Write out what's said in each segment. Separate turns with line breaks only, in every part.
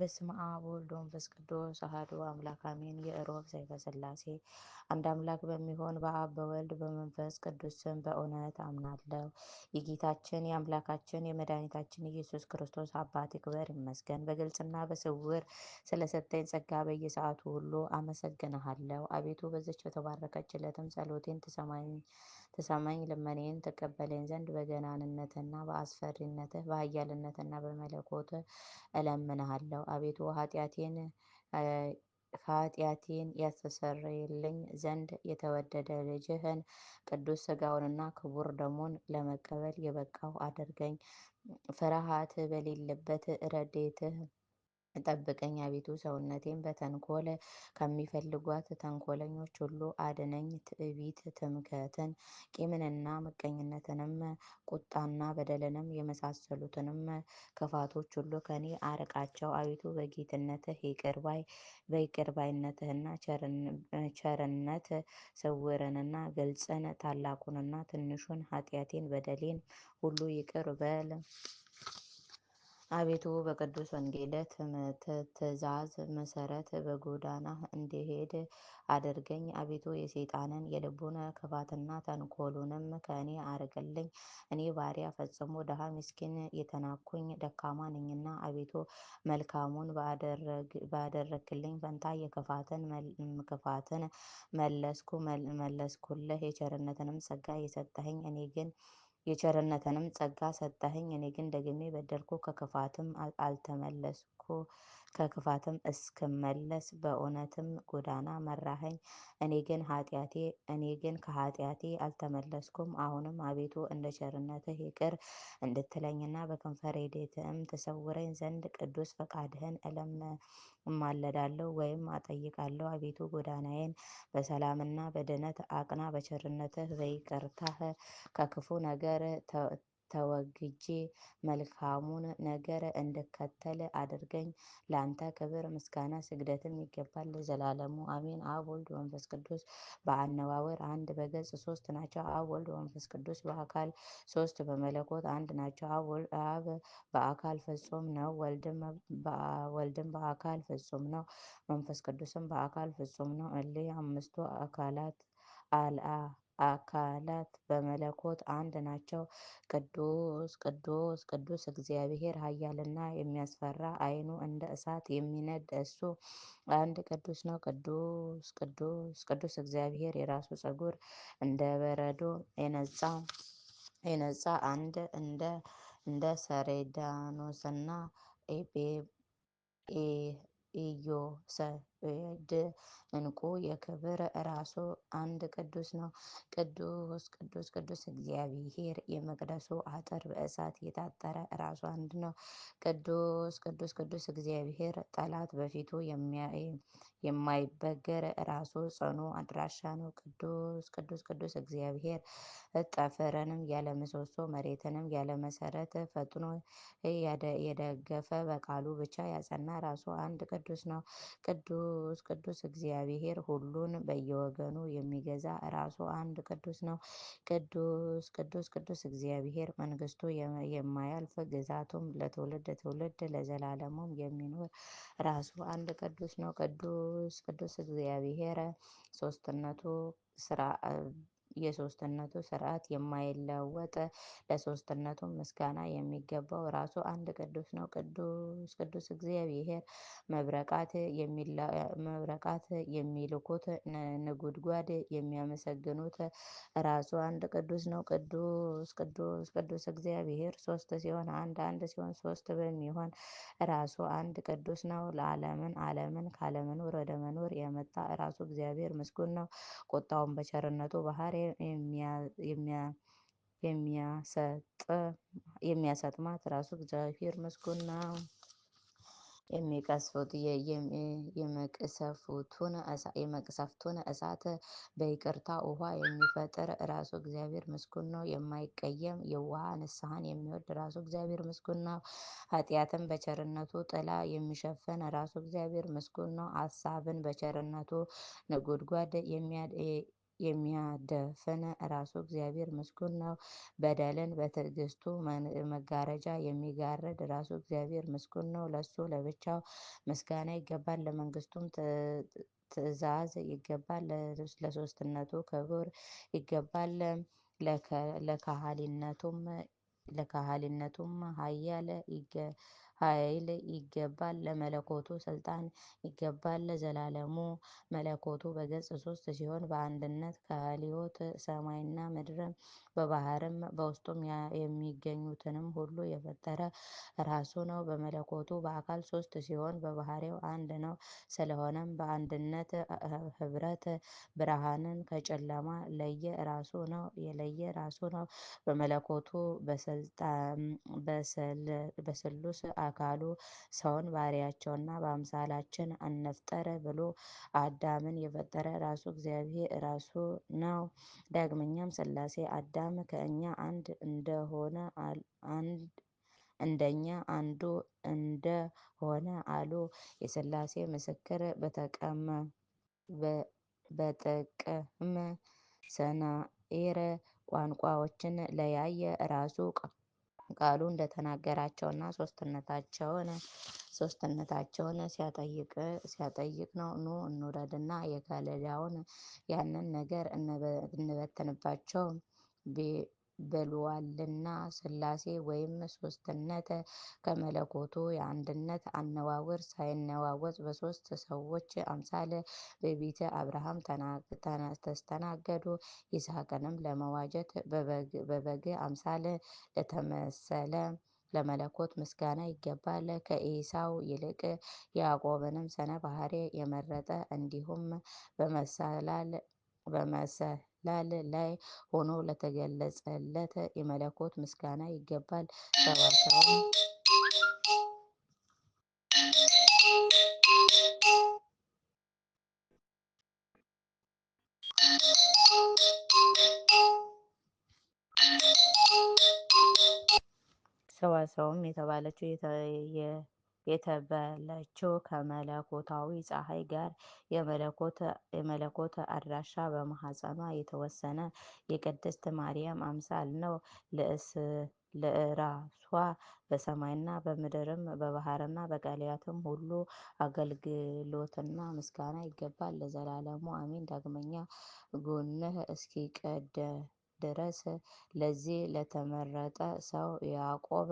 በስመ አብ ወወልድ ወመንፈስ ቅዱስ አሐዱ አምላክ አሜን። የእሮብ ሰይፈ ሥላሴ አንድ አምላክ በሚሆን በአብ በወልድ በመንፈስ ቅዱስ ስም በእውነት አምናለሁ። የጌታችን የአምላካችን የመድኃኒታችን ኢየሱስ ክርስቶስ አባት ይክበር ይመስገን። በግልጽና በስውር ስለሰጠኝ ጸጋ በየሰዓቱ ሁሉ አመሰግንሃለሁ። አቤቱ በዘች በተባረከች ዕለትም ጸሎቴን ትሰማኝ ትሰማኝ ልመኔን ትቀበለኝ ዘንድ በገናንነትህና በአስፈሪነትህ በኃያልነትህና በመለኮት እለምንሃለሁ። አቤቱ ኃጢአቴን ኃጢአቴን ያስተሰርይልኝ ዘንድ የተወደደ ልጅህን ቅዱስ ስጋውንና ክቡር ደሙን ለመቀበል የበቃሁ አድርገኝ። ፍርሃት በሌለበት ረዴትህ። ጠብቀኝ አቤቱ ሰውነቴን በተንኮል ከሚፈልጓት ተንኮለኞች ሁሉ አድነኝ። ትዕቢት፣ ትምክህትን፣ ቂምንና ምቀኝነትንም ቁጣና በደልንም የመሳሰሉትንም ክፋቶች ሁሉ ከኔ አርቃቸው አቤቱ በጌትነትህ ይቅርባይ በይቅርባይነትህና ቸርነት ስውርንና ግልጽን ታላቁንና ትንሹን ኃጢአቴን በደሌን ሁሉ ይቅር በል። አቤቱ በቅዱስ ወንጌለ ትምህርት ትእዛዝ መሰረት በጎዳና እንዲሄድ አድርገኝ። አቤቱ የሰይጣንን የልቡን ክፋትና ተንኮሉንም ከእኔ አርቅልኝ። እኔ ባሪያ ፈጽሞ ድሃ ምስኪን የተናኩኝ ደካማ ነኝና። አቤቱ መልካሙን ባደረግክልኝ ፈንታ ክፋትን መለስኩ መለስኩልህ። የቸርነትንም ጸጋ የሰጠኸኝ እኔ ግን የቸርነትንም ጸጋ ሰጠኸኝ። እኔ ግን ደግሜ በደልኩ፣ ከክፋትም አልተመለስኩ ከክፋትም እስክመለስ በእውነትም ጎዳና መራኸኝ። እኔ ግን ኃጢአቴ እኔ ግን ከኃጢአቴ አልተመለስኩም። አሁንም አቤቱ እንደ ቸርነትህ ይቅር እንድትለኝና በከንፈሬ ረድኤትህም ትሰውረኝ ዘንድ ቅዱስ ፈቃድህን እማለዳለሁ ወይም አጠይቃለሁ። አቤቱ ጎዳናዬን በሰላምና በድነት አቅና፣ በቸርነትህ በይቅርታህ ከክፉ ነገር ተወግጄ መልካሙን ነገር እንድከተል አድርገኝ። ለአንተ ክብር፣ ምስጋና፣ ስግደትም ይገባል ለዘላለሙ አሜን። አብ ወልድ መንፈስ ቅዱስ በአነባበር አንድ በገጽ ሶስት ናቸው። አብ ወልድ መንፈስ ቅዱስ በአካል ሶስት በመለኮት አንድ ናቸው። አብ በአካል ፍጹም ነው። ወልድም በአካል ፍጹም ነው። መንፈስ ቅዱስም በአካል ፍጹም ነው። እሊህ አምስቱ አካላት አልአ አካላት በመለኮት አንድ ናቸው። ቅዱስ ቅዱስ ቅዱስ እግዚአብሔር ኃያልና የሚያስፈራ ዓይኑ እንደ እሳት የሚነድ እሱ አንድ ቅዱስ ነው። ቅዱስ ቅዱስ ቅዱስ እግዚአብሔር የራሱ ጸጉር እንደ በረዶ የነጻ የነጻ አንድ እንደ እንደ ሰሬዳኖስና ኢዮሰ እንቁ የክብር ራሱ አንድ ቅዱስ ነው። ቅዱስ ቅዱስ ቅዱስ እግዚአብሔር የመቅደሱ አጥር በእሳት የታጠረ ራሱ አንድ ነው። ቅዱስ ቅዱስ ቅዱስ እግዚአብሔር ጠላት በፊቱ የማይበገር ራሱ ጽኑ አድራሻ ነው። ቅዱስ ቅዱስ ቅዱስ እግዚአብሔር ጠፈረንም ያለ ምሰሶ መሬትንም ያለ መሰረት ፈጥኖ የደገፈ በቃሉ ብቻ ያጸና ራሱ አንድ ቅዱስ ነው። ቅዱስ ቅዱስ ቅዱስ እግዚአብሔር ሁሉን በየወገኑ የሚገዛ ራሱ አንድ ቅዱስ ነው። ቅዱስ ቅዱስ ቅዱስ እግዚአብሔር መንግስቱ የማያልፍ ግዛቱም ለትውልድ ትውልድ ለዘላለሙም የሚኖር ራሱ አንድ ቅዱስ ነው። ቅዱስ ቅዱስ እግዚአብሔር ሶስትነቱ ስራ የሶስትነቱ ስርዓት የማይለወጥ ለሶስትነቱ ምስጋና የሚገባው ራሱ አንድ ቅዱስ ነው። ቅዱስ ቅዱስ እግዚአብሔር መብረቃት መብረቃት የሚልኩት ንጉድጓድ የሚያመሰግኑት ራሱ አንድ ቅዱስ ነው። ቅዱስ ቅዱስ ቅዱስ እግዚአብሔር ሶስት ሲሆን አንድ አንድ ሲሆን ሶስት በሚሆን ራሱ አንድ ቅዱስ ነው። ለዓለምን ዓለምን ካለመኖር ወደ መኖር የመጣ ራሱ እግዚአብሔር ምስጉን ነው። ቁጣውን በቸርነቱ ባህር የሚያሰጥማት ራሱ እግዚአብሔር ምስጉን ነው። የሚቀስፉት የመቅሰፍቱን እሳት በይቅርታ ውሃ የሚፈጥር ራሱ እግዚአብሔር ምስጉን ነው። የማይቀየም የውሃ ንስሐን የሚወድ ራሱ እግዚአብሔር ምስጉን ነው። ኃጢአትን በቸርነቱ ጥላ የሚሸፍን ራሱ እግዚአብሔር ምስጉን ነው። አሳብን በቸርነቱ ነጎድጓድ የሚያደፍን ራሱ እግዚአብሔር ምስጉን ነው። በደልን በትዕግስቱ መጋረጃ የሚጋረድ ራሱ እግዚአብሔር ምስጉን ነው። ለሱ ለብቻው ምስጋና ይገባል። ለመንግስቱም ትእዛዝ ይገባል። ለሶስትነቱ ክብር ይገባል። ለካህሊነቱም ለካህሊነቱም ኃያል ኃይል ይገባል ለመለኮቱ ስልጣን ይገባል ለዘላለሙ። መለኮቱ በገጽ ሶስት ሲሆን በአንድነት ከሀልዮት ሰማይና ምድርም በባህርም በውስጡም የሚገኙትንም ሁሉ የፈጠረ ራሱ ነው። በመለኮቱ በአካል ሶስት ሲሆን በባህሪው አንድ ነው። ስለሆነም በአንድነት ህብረት ብርሃንን ከጨለማ ለየ ራሱ ነው የለየ ራሱ ነው። በመለኮቱ በስልጣን በስሉስ አካሉ ሰውን ባሪያቸውና በአምሳላችን አነፍጠረ ብሎ አዳምን የፈጠረ ራሱ እግዚአብሔር ራሱ ነው። ዳግመኛም ሥላሴ አዳም ከእኛ አንድ እንደሆነ አንድ እንደኛ አንዱ እንደሆነ አሉ። የሥላሴ ምስክር በጠቀመ ሰናኤር ቋንቋዎችን ለያየ ራሱ ቃሉ እንደተናገራቸውና ሶስትነታቸውን ሶስትነታቸውን ሲያጠይቅ ሲያጠይቅ ነው። ኑ እንውረድና የጋለዳውን ያንን ነገር እንበትንባቸው ብሏልና ስላሴ ወይም ሶስትነት ከመለኮቱ የአንድነት አነዋወር ሳይነዋወጥ በሶስት ሰዎች አምሳል በቤተ አብርሃም ተስተናገዱ። ይስሐቅንም ለመዋጀት በበግ አምሳል ለተመሰለ ለመለኮት ምስጋና ይገባል። ከኢሳው ይልቅ ያዕቆብንም ሰነ ባሕርይ የመረጠ እንዲሁም በመሰላል ላይ ሆኖ ለተገለጸለት የመለኮት ምስጋና ይገባል። ሰባሰውም ሰዋሰውም የተባለችው የተበለችው ከመለኮታዊ ፀሐይ ጋር የመለኮት አድራሻ በማኅፀኗ የተወሰነ የቅድስት ማርያም አምሳል ነው። ለእራሷ በሰማይና በምድርም በባህርና በቃልያትም ሁሉ አገልግሎትና ምስጋና ይገባል ለዘላለሙ አሜን። ዳግመኛ ጎንህ እስኪቀደድ ድረስ ለዚህ ለተመረጠ ሰው ያዕቆብ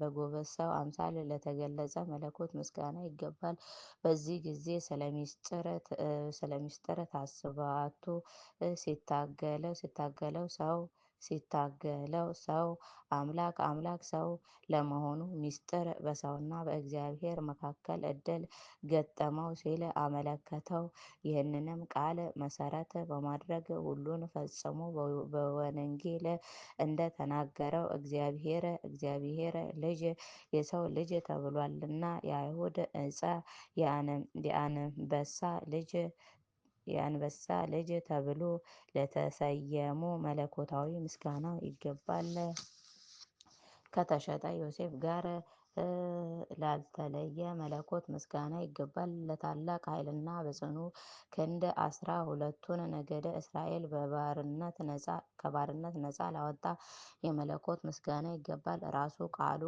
በጎበዝ ሰው አምሳል ለተገለጸ መለኮት ምስጋና ይገባል። በዚህ ጊዜ ስለ ምስጢር ታስባቱ ሲታገለው ሲታገለው ሰው ሲታገለው ሰው አምላክ አምላክ ሰው ለመሆኑ ሚስጥር በሰውና በእግዚአብሔር መካከል እድል ገጠመው ሲል አመለከተው። ይህንንም ቃል መሰረት በማድረግ ሁሉን ፈጽሞ በወንጌል እንደተናገረው እግዚአብሔር እግዚአብሔር ልጅ የሰው ልጅ ተብሏልና የአይሁድ እጸ የአንበሳ ልጅ የአንበሳ ልጅ ተብሎ ለተሰየሙ መለኮታዊ ምስጋና ይገባል። ከተሸጠ ዮሴፍ ጋር ላልተለየ መለኮት ምስጋና ይገባል። ለታላቅ ኃይልና በጽኑ ክንድ አስራ ሁለቱን ነገደ እስራኤል ከባርነት ነፃ ላወጣ የመለኮት ምስጋና ይገባል። ራሱ ቃሉ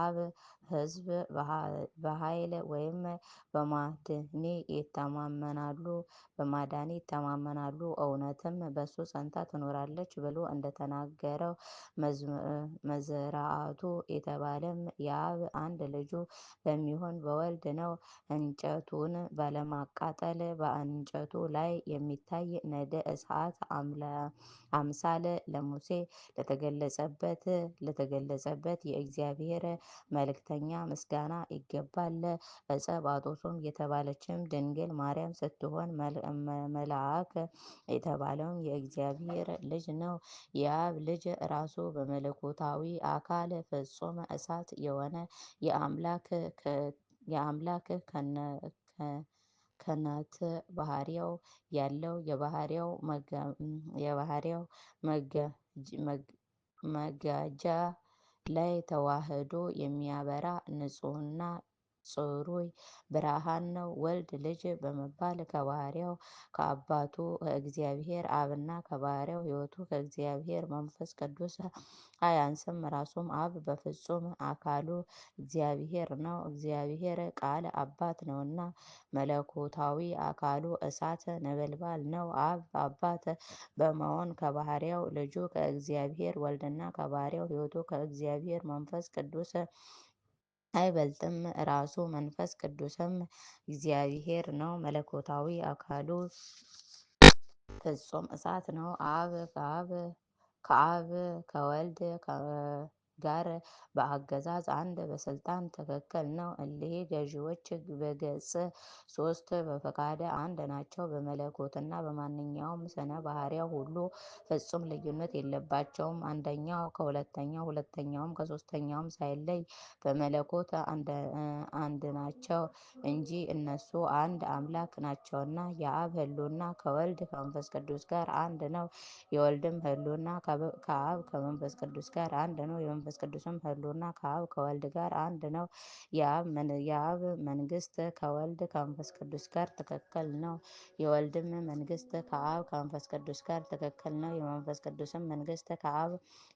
አብ ሕዝብ በኃይል ወይም በማድኔ ይተማመናሉ በማዳኔ ይተማመናሉ። እውነትም በሱ ጸንታ ትኖራለች ብሎ እንደተናገረው መዝራዕቱ የተባለም የአብ አንድ ልጁ በሚሆን በወልድ ነው። እንጨቱን ባለማቃጠል በእንጨቱ ላይ የሚታይ ነደ እሳት አምሳል ለሙሴ ለተገለጸበት ለተገለጸበት የእግዚአብሔር መልእክተኛ ምስጋና ይገባል። ባጦሶም የተባለችም ድንግል ማርያም ስትሆን መልአክ የተባለውም የእግዚአብሔር ልጅ ነው። የአብ ልጅ ራሱ በመለኮታዊ አካል ፍጹም እሳት የሆነ የአምላክ ከናት ባህሪያው ያለው የባህሪያው መጋጃ ላይ ተዋህዶ የሚያበራ ንፁህና ጽሩይ ብርሃን ነው። ወልድ ልጅ በመባል ከባህሪያው ከአባቱ ከእግዚአብሔር አብና ከባህሪያው ሕይወቱ ከእግዚአብሔር መንፈስ ቅዱስ አያንስም። ራሱም አብ በፍጹም አካሉ እግዚአብሔር ነው። እግዚአብሔር ቃል አባት ነውና መለኮታዊ አካሉ እሳት ነበልባል ነው። አብ አባት በመሆን ከባህሪያው ልጁ ከእግዚአብሔር ወልድና ከባህሪያው ሕይወቱ ከእግዚአብሔር መንፈስ ቅዱስ አይበልጥም ራሱ መንፈስ ቅዱስም እግዚአብሔር ነው። መለኮታዊ አካሉ ፍጹም እሳት ነው። አብ ከአብ ከወልድ ጋር በአገዛዝ አንድ በስልጣን ትክክል ነው። እሊህ ገዢዎች በገጽ ሶስት በፈቃደ አንድ ናቸው። በመለኮትና በማንኛውም ስነ ባህሪያው ሁሉ ፍጹም ልዩነት የለባቸውም። አንደኛው ከሁለተኛው ሁለተኛውም ከሶስተኛውም ሳይለይ በመለኮት አንድ ናቸው እንጂ እነሱ አንድ አምላክ ናቸውና። የአብ ህልውና ከወልድ ከመንፈስ ቅዱስ ጋር አንድ ነው። የወልድም ህሉና ከአብ ከመንፈስ ቅዱስ ጋር አንድ ነው። መንፈስ ቅዱስም ህልውና ከአብ ከወልድ ጋር አንድ ነው። የአብ መንግስት ከወልድ ከመንፈስ ቅዱስ ጋር ትክክል ነው። የወልድም መንግስት ከአብ ከመንፈስ ቅዱስ ጋር ትክክል ነው። የመንፈስ ቅዱስም መንግስት ከአብ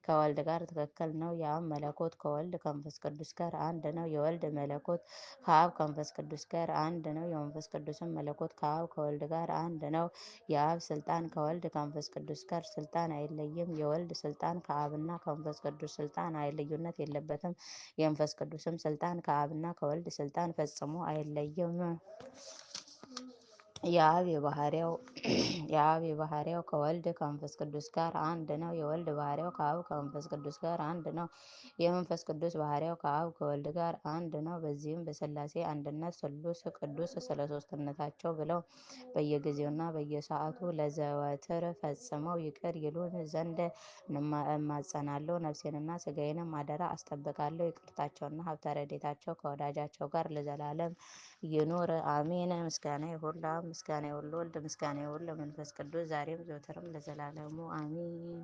ከወልድ ጋር ትክክል ነው። የአብ መለኮት ከወልድ ከመንፈስ ቅዱስ ጋር አንድ ነው። የወልድ መለኮት ከአብ ከመንፈስ ቅዱስ ጋር አንድ ነው። የመንፈስ ቅዱስም መለኮት ከአብ ከወልድ ጋር አንድ ነው። የአብ ስልጣን ከወልድ ከመንፈስ ቅዱስ ጋር ስልጣን አይለይም። የወልድ ስልጣን ከአብና ከመንፈስ ቅዱስ ስልጣን ኃይል ልዩነት የለበትም። የመንፈስ ቅዱስም ስልጣን ከአብና ከወልድ ስልጣን ፈጽሞ አይለይም። የአብ የባህሪያው የአብ ባህሪያው ከወልድ ከመንፈስ ቅዱስ ጋር አንድ ነው። የወልድ ባህሪያው ከአብ ከመንፈስ ቅዱስ ጋር አንድ ነው። የመንፈስ ቅዱስ ባህሪያው ከአብ ከወልድ ጋር አንድ ነው። በዚህም በስላሴ አንድነት ስሉስ ቅዱስ ስለ ብለው በየጊዜውና በየሰዓቱ ለዘወትር ፈጽመው ይቅር ይሉን ዘንድ እማጸናለሁ። ነፍሴንና ሥጋዬንም አደራ አስጠብቃለሁ። ይቅርታቸውና ሀብተ ከወዳጃቸው ጋር ለዘላለም ይኑር አሜን። ምስጋና ይሁላ ምስጋና ይሁን ወልድ ምስጋና ለወልድ ለመንፈስ ቅዱስ ዛሬም ዘወትርም ለዘላለሙ አሚን።